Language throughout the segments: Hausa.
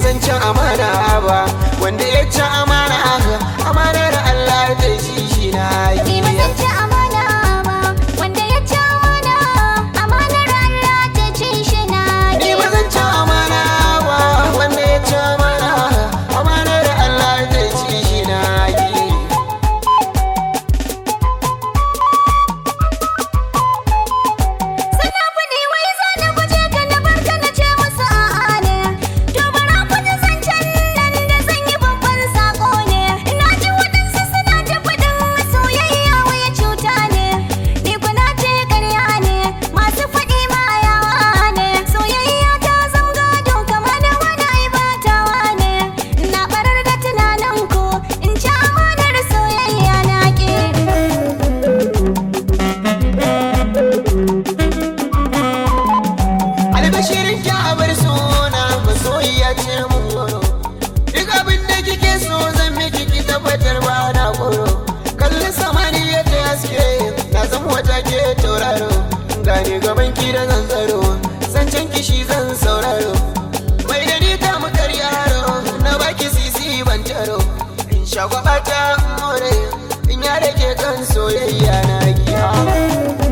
zan ci amana ba wanda ya ci amana kyawar sona masoyiya ce mu goro duk abin kike so zan miki ki tabbatar ba na goro kalli samaniya ta haske na wata ke tauraro gane gaban ki da zan tsaro zancen kishi zan sauraro mai da ni ta mu na baki sisi ban taro in shagwaba ta more in ya kan soyayya na giya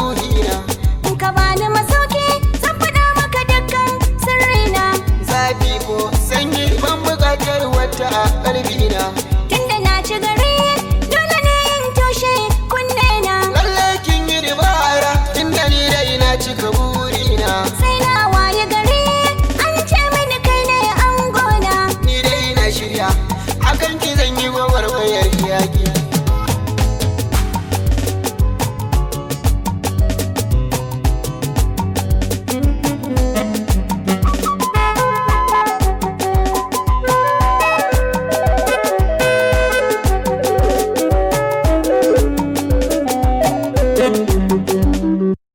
masoyina in ka bani masauki zan faɗa maka dukkan sirrina zafi ko sanyi ban buƙatar wata a ƙarfi